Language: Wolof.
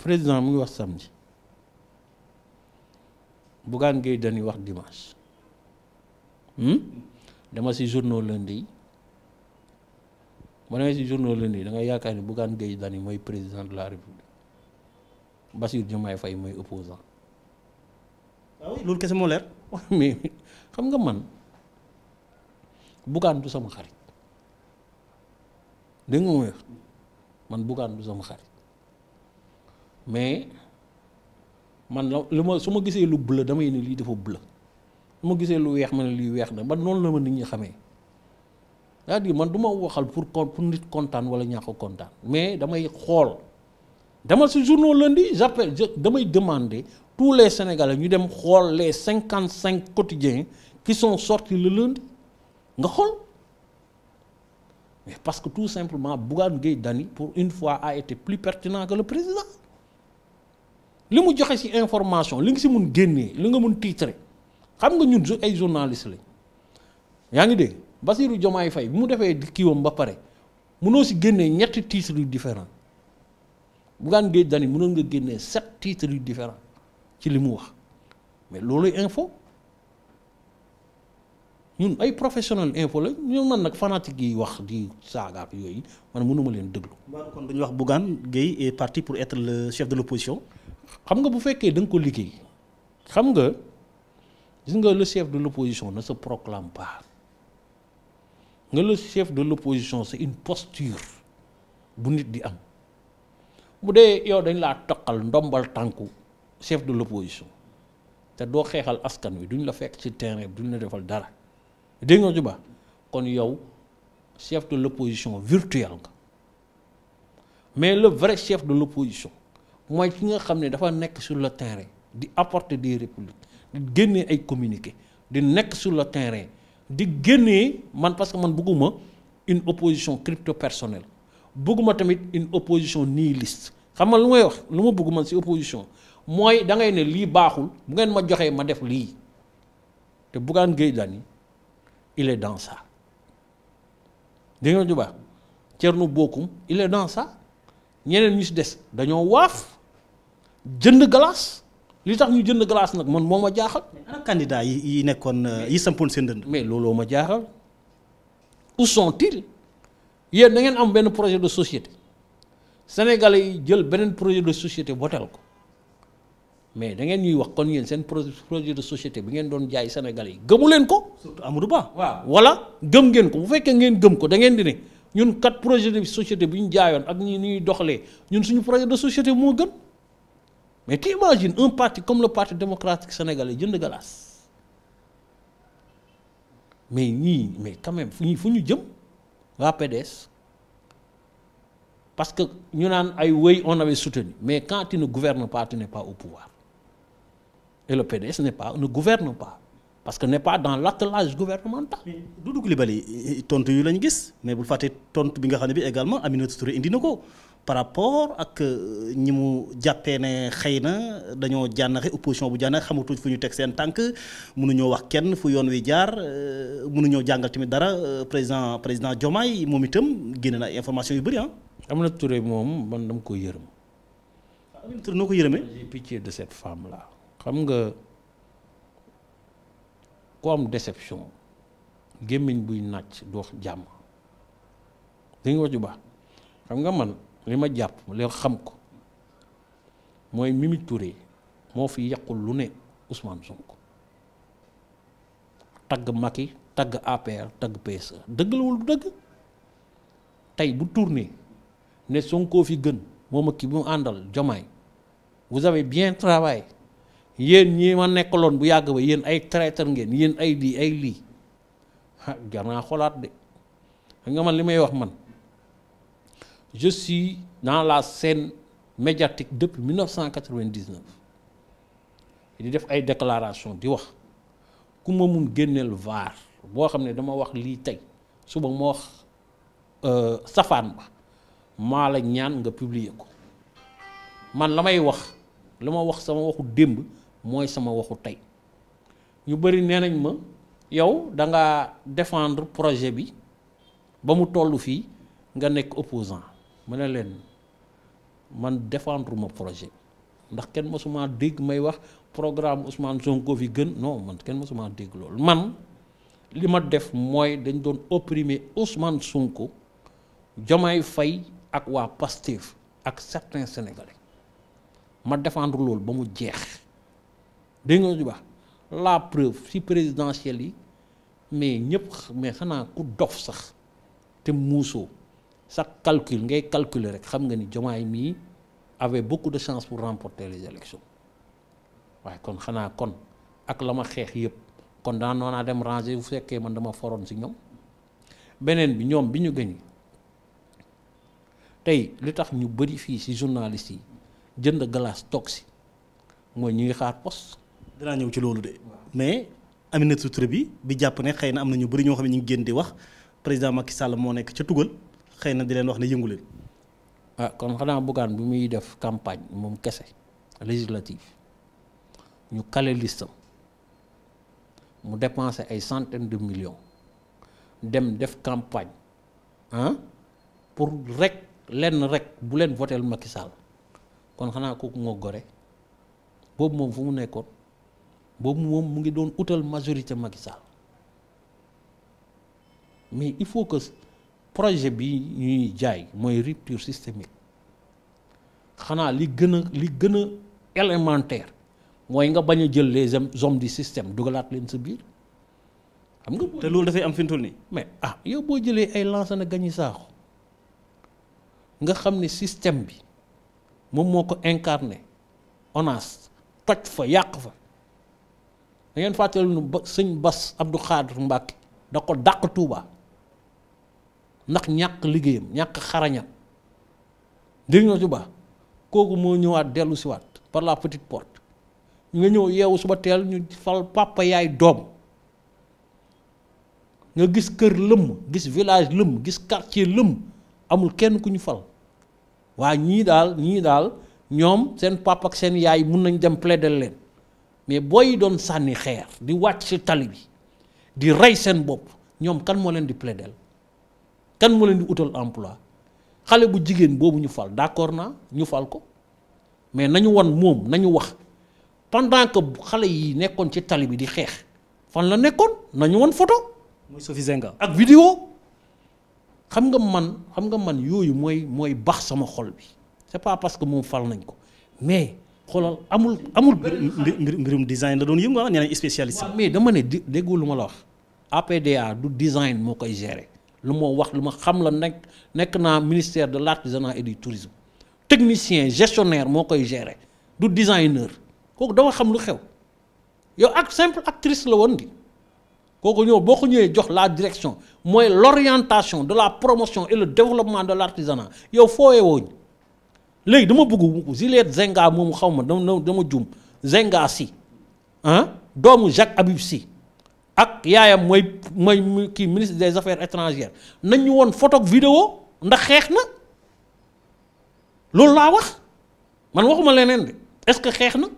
président mu ngi wax samedi Bougane Gueye dañuy wax dimanche hmm? dama si journaux lundi yi ba demee si journaux lundi yi dangay yaakaar ni Bougane Gueye Dany mooy président de la république Bassirou Diomaye Faye mooy opposant waaw ah loolu kese moo leer. xam nga man Bougane du sama xarit dégg nga man Bougane du sama xarit. mais man la lu ma su ma gisee lu bleu damay ne lii defa bleu su ma gisee lu weex ma ne lii weex na man noonu la ma nit ñi xamee cest di man duma ma waxal pour pour nit kontaan wala ñàkk kontaan mais damay xool demal si journaux lundi j'appelle damay demander tous les sénégalais ñu dem xool les cinquante cinq quotidiens qui sont sorti le lundi nga xool mais parce que tout simplement Bougane Gueye Dany pour une fois a été plus pertinent que le président li mu joxe ci information li nga ci mun génnee li nga mun titre xam nga ñun ay journaliste lañ yaa ngi de Bassirou Diomaye fay bi mu defee kiiwam ba pare mënoo si génnee ñetti titres yu différent Bougane Gueye Dany mënoon nga génnee sept titres yu différent ci li mu wax mais loolu info ñun ay professionnel info la ñun man nag fanatique yi wax di saagaak yooyu man mënuma leen déglu. kon dañu wax Bougane Gueye est parti pour être le chef de l'opposition xam nga bu fekkee da nga ko liggéey xam nga gis nga le chef de l'opposition ne sa proclame pas nga le chef de l'opposition c'est une posture bu nit di am bu dee yow dañ laa toqal ndombal tànku chef de l'opposition te doo xeexal askan wi duñ la fekk ci terrain bi duñ la defal dara dégg nga juba kon yow chef de l'opposition virtuel nga mais le vrai chef de l'opposition mooy ki nga xam ne dafa nekk sur le terrain di apporter des républiques di génnee ay communiqué di nekk sur le terrain di génnee man parce que man bëgguma une opposition crypto personnelle bëgguma tamit une opposition nihiliste xam nga lu may wax lu ma bëgg man ci opposition mooy da ngay ne lii baaxul bu ngeen ma joxee ma def lii te Bougane Gueye Dany il est dans ça dégg nga ju baax Thierno Bocoum il est ñeneen ñu si des dañoo waaf jënd glace li tax ñu jënd glace nag man moo ma jaaxal. mais ana candidat yi yi nekkoon euh, yi seen dënd. mais looloo ma jaaxal où sont yéen da ngeen am benn projet de société sénégalais yi jël beneen projet de société botel ko mais da ngeen ñuy wax kon yéen seen projet de société bi ngeen doon jaay sénégalais yi gëmu leen ko. surtout Amadou waaw. wala gëm ngeen ko bu fekkee ngeen gëm ko da ngeen di ne. ñun kat projet de société bi ñu jaayoon ak ñi ñuy doxalee ñun suñu projet de société moo gën mais tu imagines un parti comme le parti démocratique sénégalais jënd galaas mais ñii mais quand même fu ñu jëm waa PDS parce que ñu naan ay wéy on avait soutenu mais quand tu ne gouvernes pas tu n'es pas au pouvoir et le PDS n'est pas ne gouverne pas parce que n'est pas dans l'attelage gouvernemental. Doudou Coulibaly tontu yu lañ gis mais bul fàtte tontu bi nga xam ne bi également Aminata Touré indi na ko par rapport ak euh, ñi mu jàppee ne xëy na dañoo jànnaxe opposition bu jànnaxe xamatuñ fu ñu teg seen tànk mënuñoo wax kenn fu yoon wi jaar euh, mënuñoo jàngal tamit dara euh, président président Diomaye moom itam génne na ay information yu bëri ah. Aminata Touré moom man dama ko yërëm. Aminata ko yërëmee. j'ai pitié de cette femme xam nga. ku am déception gémmiñ buy nàcc doo jàmm li nga wax xam nga man li ma jàpp li xam ko mooy Mimi Touré moo fi yàqul lu ne Ousmane Sonko tagg Macky tagg APR tagg PSE dëgg la bu dëgg tey bu tourné ne Sonko fi gën moom ak ki bu mu àndal Diomaye vous avez bien travaillé yéen ñi ma nekkaloon bu yàgg ba yéen ay traiteur ngeen yéen ay lii ay lii ah jar naa xoolaat de xam nga man li may wax man je suis dans la scène médiatique depuis 1999 di def ay déclaration di wax ku ma mun génneel vaar boo xam ne dama wax lii tey suba ma wax euh, safaan ba maa la ñaan nga publier ko man la may wax la ma wax sama waxu démb mooy sama waxu tey ñu bëri nee nañ ma yow da nga défendre projet bi ba mu toll fii nga nekk opposant ma ne leen man defendre ma projet ndax kenn mësuma dégg may wax programme Ousmane Sonko fi gën non man kenn mësuma dégg loolu man li ma def mooy dañ doon opprimer Ousmane Sonko Diomaye fay ak waa Pastef ak certains Sénégalais ma défendre loolu ba mu jeex dégg nga ñu baax la preuve si présidentielle yi mais ñëpp mais xanaa ku dof sax te muusoo sa calcul ngay calculer rek xam nga ni Diomaye mii avait beaucoup de chance pour remporter les élections waaye kon xanaa kon ak la ma xeex yëpp kon daan noonaa dem ranger bu sekkee man dama foroon si ñoom beneen bi ñoom bi ñu gëñ tey li tax ñu bëri fii si journaliste yi jënd glace toog si mooy ñu ngi xaar poste dinaa ñëw ci loolu de mais Aminata Touré bi bi jàpp ne xëy na am na ñu bëri ñoo xam ne ñu ngi génn di wax président Macky Sall moo nekk ca tugal xëy na di leen wax ne yëngu leen. ah kon xanaa Bougane bi muy def campagne moom kese législative ñu kale listam mu dépensé ay centaines de millions dem def campagne ah pour rek lenn rek bu leen voteel Macky Sall kon xanaa kooku moo gore boobu moom fu mu nekkoon. boobu moom mu ngi doon utal majorité Macky Sall mais il faut que projet bi ñuy jaay mooy rupture systémique xanaa li gën a li gën a élémentaire mooy nga bañ a jël les hommes du système dugalaat leen sa biir xam nga. te loolu dafay am fi mu nii mais ah yow boo jëlee ay lance Lansana Gagny Sakho nga xam ne système bi moom moo ko incarné ONAS toj fa yàq fa. dangeen ngeen fàttali nu ba sëñ Bas Abdou Khadr Mbacke da ko dàq tuuba ndax ñàkk liggéeyam ñàkk xarañam njëriñoo Touba kooku moo ñëwaat dellu si waat par la petite porte nga ñëw yeewu suba teel ñu fal papa yaay doom nga gis kër lëmm gis village lëmm gis quartier lëmm amul kenn ku ñu fal waa ñii daal ñii daal ñoom seen papa ak seen yaay mun nañ dem plaider leen. mais booy doon sànni xeer di wàcc ci tali bi di rey seen bopp ñoom kan moo leen di plaidel kan moo leen di utal emploi xale bu jigéen boobu ñu fal d'accord naa ñu fal ko mais nañu won moom nañu wax pendant que xale yi nekkoon ci tali bi di xeex fan la nekkoon nañu won photo muy suffisant ak vidéo xam nga man xam nga man yooyu mooy mooy bax sama xol bi c'est pas parce que moom fal nañ ko mais xoolal amul amul mbirum design la doon yëngu ah nee nañ spécialiste. mais dama ne déggoo lu ma la wax APDA du design moo koy gérer lu moo wax lu ma xam la nekk nekk naa ministère de l'artisanat et du tourisme technicien gestionnaire moo koy gérer du designer kooku dama xam lu xew yow ak simple actrice la woon di kooku ñëw boo ko ñëwee jox la direction mooy l'orientation de la promotion et le développement de l'artisanat yow fooyee wooñu léegi dama bëgg Juliette Zenga moom xawma ma dama dama jum Zenga si ah doomu Jacques Habib si ak yaayam mooy mooy kii ministre des affaires étrangères nañ ñu woon photo ak vidéo ndax xeex na loolu laa wax man waxuma leneen de est-ce que xeex na